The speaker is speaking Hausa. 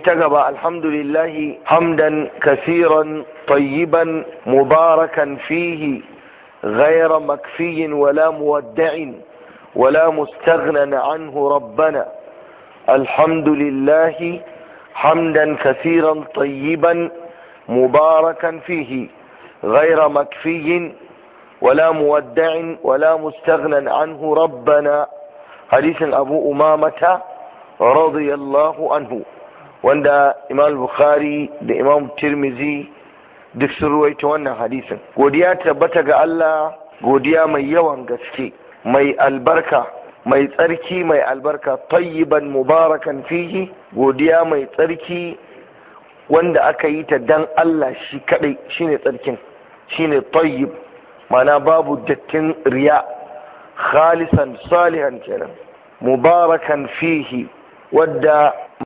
sai الحمد لله حمدا كثيرا طيبا مباركا فيه غير مكفي ولا مودع ولا مستغنى عنه ربنا الحمد لله حمدا كثيرا طيبا مباركا فيه غير مكفي ولا مودع ولا مستغنى عنه ربنا حديث أبو أمامة رضي الله عنه wanda imam bukhari da imam tirmizi duk sun ruwaita wannan hadisin godiya tabbata ga allah godiya mai yawan gaske mai albarka mai tsarki mai albarka tayyiban mubarakan fihi godiya mai tsarki wanda aka yi ta dan allah shi kadai shine tsarkin shine tayyib mana babu dattin riya khalisan salihan kenan mubarakan fihi wadda